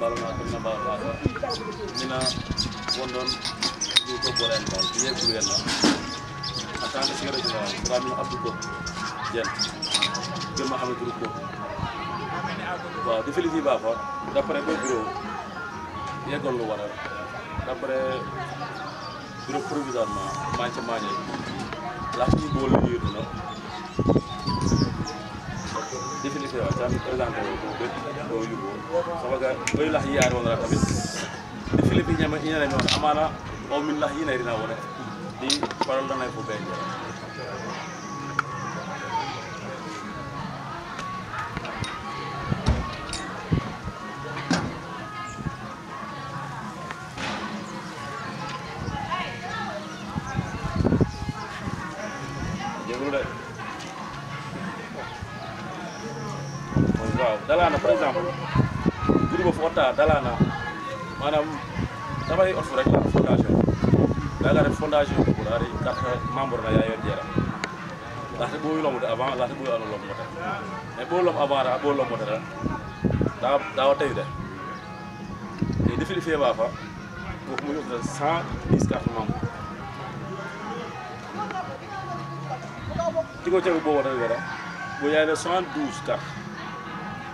balonaa ɗum ne mbawɗa mina wonɗon ɗum ko ɓoren ɗon ɗiye ɓuren ɗon en tant que secrétaire général koramin abdou ko jen jemma hamadou ko waaw di félicité ba fort d' après ɗo bureau yeggolngo waɗa d' après bureau provisoirement manque mañe lahtini bool yiirɗuno définition tamit présenté wu ko bët boo yóbbu sabaga goyu lax yiyaare wonora tamit ɗi philippe min lax yinayri na wona ɗi parol ɗanay fo ఆటలు గురువు ఫోటా దళాన మనం damay ot rek la fondation danga def fondation boobu daal di carte membre na yaa yor jeeram ndaxte boobu anu lomb mo tax mais boo lomb avant daa boo lomb mo tax daa daa de te defili fee baa fa kooku muy ot cent dix carte membre ti ko cegu bu yaay ne soixante douze carte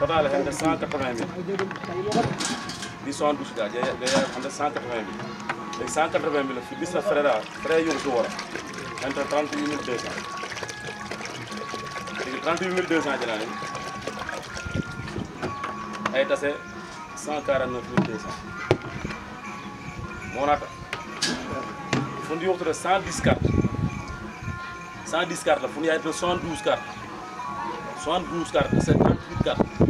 total hen nde 180 mille ɗi 72 ga jeeya hande 180 mille leyyi 180 mille fi 19 frais a frais yogoti wora entre 38 mille 200 ɗigi 38 mille 200 janani ay tase 149 mille 200 monata fundi yogtude 110 carte 110 carte la fundi yaytude 72 carte 72 carte c'est 38 carte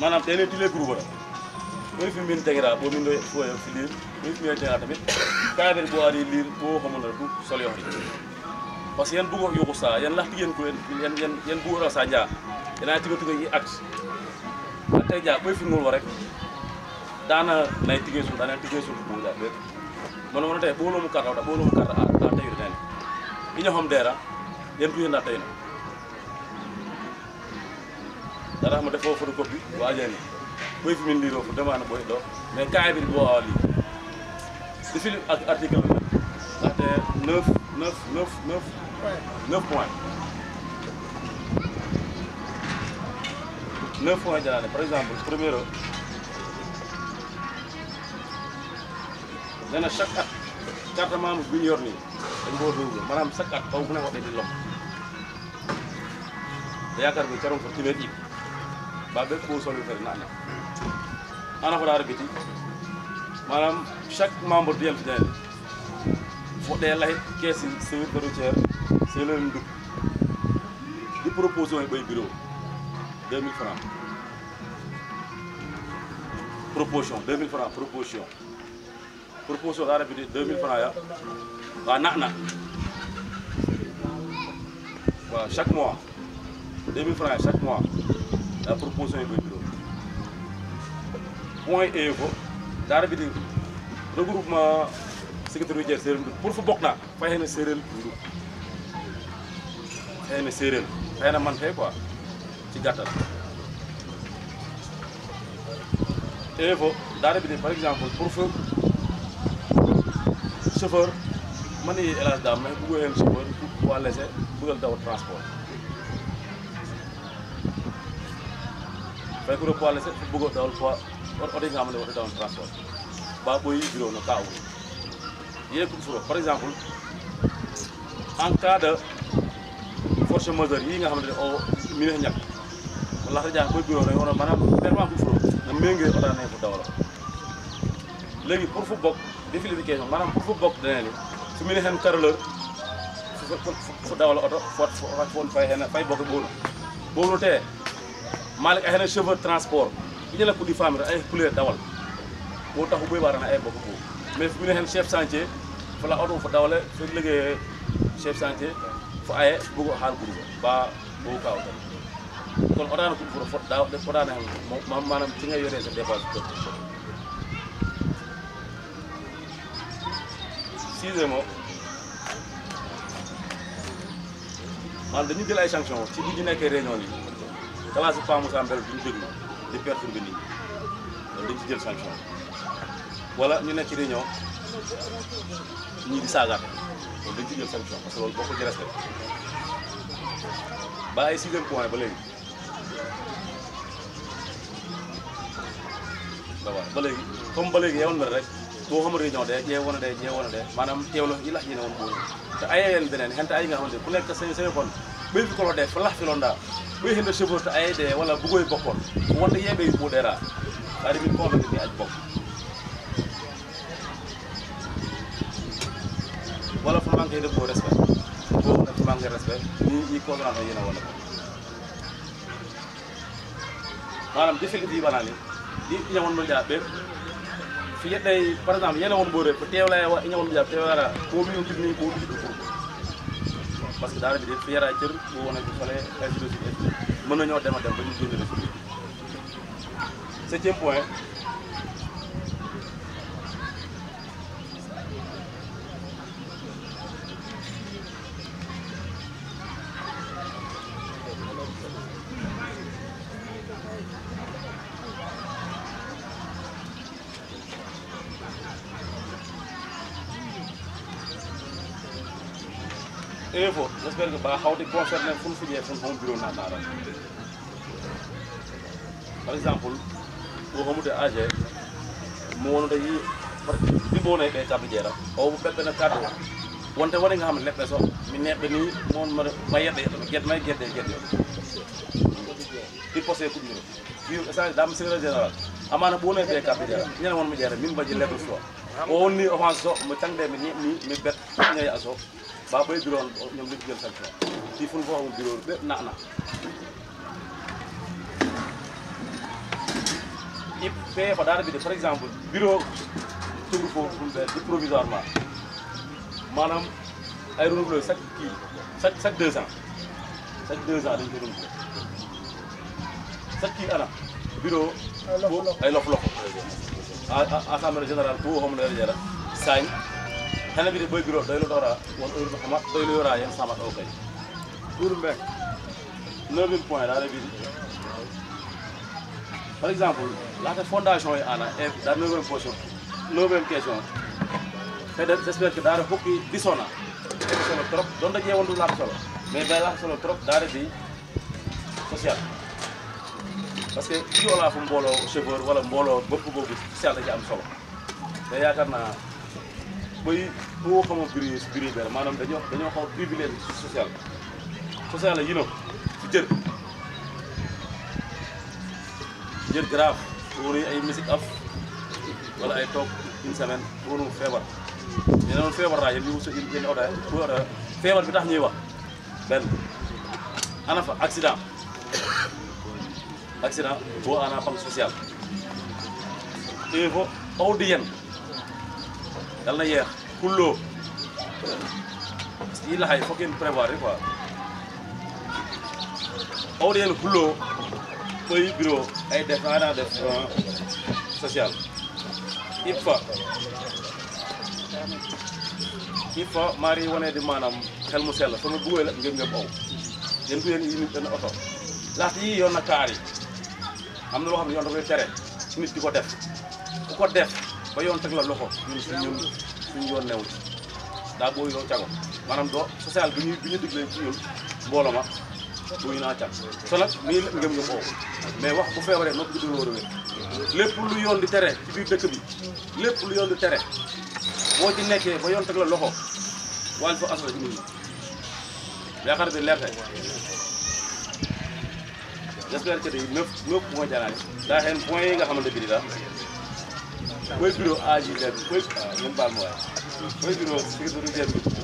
manam té né dile groupe la koy fi min tengira bo min do fo yo filir koy fi min tengira tamit kaabir bo ari lir bo xamul la du sol yo parce que yan bu ko yuxu sa yan laxti yeen ko yeen yeen yeen bu wara sa ja dina tigo tigo yi ak tay ja koy fi nul rek dana nay tigé sun dana tigé sun bu la be mono mono tay bo lo mu da bo lo mu karra ta tayu dana ñu xam dera yan na tay na dara ma defoo photocopie waajani koye fumin ndiro fo demande ɓoyi ɗo mais kaabiri bo awa li défili article o ndaxte 9 9 9 9 9 point 9 point jarane par exemple premier o nee na chaque at carte membre bu ñu yor nii dañ koo dóobu maanaam chaque at faw bu ne wax di lom da yaakaar bi carom fo téeméer ji babel le fernane ana vous arbiti manam chaque membre du yaltitede fuɗɗe laye keesi service de routiére le ndug ɗi proposition bay bureau 2000 francs proposition 2000 francs proposition proposition ɗa 2000 francs ya ɗa naɗna chaque mois 2000 francs chaque mois la proposition est de bureau. point et info daara bi di regroupement secrétaire jël séeréer pour fu bokk naa fay na séeréer ndu fay na séeréer man fay quoi ci gàttal info daara bi di par exemple pour fu chauffeur man ni El Hadj Dame mais bëggoon chauffeur pour daw transport fayko ɗo poids leset so bugo dawol poids oto nga amane waɗa dawol transport ba ɓoyi bureau no ka uri yeey kum suro par exemple en cas de force majeure yi nga xamante ne o mine he ñak o laxta jaan ɓoy bureau ne ono manam permanent kum suro no mengue ota ne fo dawla léegi pour fu bokk définification maanaam pour fu bokk dana ni su mine hen carreleur fo dawla oto fot fon fay hen fay bokk ɓowno ɓowno tee Malick ahe na chauffeur transport ina la kudi famira ahe couleur dawal wo taxu boy warana ahe bogo bo mais fo mine hen chef chantier fala auto fo dawale fo liggéeye chef chantier fo aye bogo haal guruba ba bogo ka otan kono oɗano kuɗi foto fot oɗano hen manam tinga yore sa dépense dotto sixième o maanaam dañu jël ay sanction ci bi ñu nekkee réunion yi classe bi Pa Moussa Mbel duñu déglu di perturber nit ñi ci jël sanction wala ñu nekk ci réunion ñii di saagaate loolu dañu ci jël sanction parce que loolu bokkul ba ay sixième point ba léegi waaw ba léegi comme ba léegi yeewal na rek boo xam réunion de ñee woon a de ñee woon a de maanaam teewlo yi ne woon boobu te ayeen beneen xente ay nga xamante ku nekk seen seen kon ɓeyi fi kolo de fa lax fi loon daa ɓeyhino chevauche ayede walla bugoye bokkol wonde yeeɓe muɗera ari min koɗoɗe mi aj bokk walla fono manque hede ko respect ko wonati manque respect ni i koɗonata yena wona ko manam difficulté yiɓanani ɗi ñawonno jaɓɓe so yeɗɗay par exemple yene won ɓoore ko tewla iñawonno jaɓ tewlara ko mi o jibni ko ɗiɗi ɗo fof parce que daara bi de fi yaraay cër bu wane bi fale ainsi de suite mën nañoo dem a dem ba ñu génne info j'espère que ba xawti concerné ful fu ñee ful fon bureau na naara par exemple woxamude AG mo wonude yi ndimone ɓe kadu jeera o ɓeɓɓe no kadu wonte woni nga xam ne neɓɓe so mi neɓɓe ni moon ma yeɗɗe yeɗɗe may gueɗɗe gueɗɗe ɗi posé kuɓiro wiw o so mi tangde mi ba bay bureau oh, ñoom lañ jël sanction fii fu ñu fa amul bureau bépp nax na i fee fa daana bi de par exemple bureau tëgru foofu suñu benn di provisoirement maanaam ay renouvelé chaque kii chaque chaque deux ans chaque deux ans dañ koy renouvelé kii ana bureau ay lof lof assemblée générale ko xam na yàlla sañ xale bi de boy Giro lu doora wala heure bi xamat lu yoraa yéen samat aw kay Doudou Mbengue 9000 points daa par exemple laata fondation yi ana e daa neuvième position neuvième question te de j'espère que daa de fukki solo trop doon da jeewoon du solo mais day laak solo trop daa de social parce que ci olaa fu mbooloo chauffeur wala mbooloo bëpp boo social da ci solo te yaakaar bay boo xam a bri bri dara maanaam dañoo dañoo xaw privilège social social yi no si jër jër grave wóoruyu ay musique af wala ay toog une semaine wóorum feebar ñu ne noonu feebar daa yéen ñu wut yéen oda oda euh, feebar bi tax ñuy wax benn ana fa accident accident boo ana fam social il aw di yen dal na yeex kulloo parce que la xay faut ngeen prévoir quoi au lieu de kulloo feuille bureau ay def ana def social IPFA IPFA mari wone di manam xel mu sel sama buwe la ngeen ngeen aw ngeen bu yeen yi tan auto laat yi yoon na kaar yi am na yoon da koy tere nit ko def ko def ba yoon teg la loxo ñun suñu suñu yoon newul daa booy yow cago maanaam doo social bi ñu diglee ci mbooloo ma buy naa cag so nag nii la ngëm ngëm mais wax bu feebaree nopp gi dina war a lu yoon di tere ci biir lépp lu yoon di tere boo ci nekkee ba yoon teg la loxo wàllu fa asra ci nit ñi yaakaar bi leerte j'espère que day nëpp nëpp mooy jaraani daa xeen point yi nga xamante bi di daal Depois virou, ah, José, depois, ah, não vai morrer. Depois virou, fica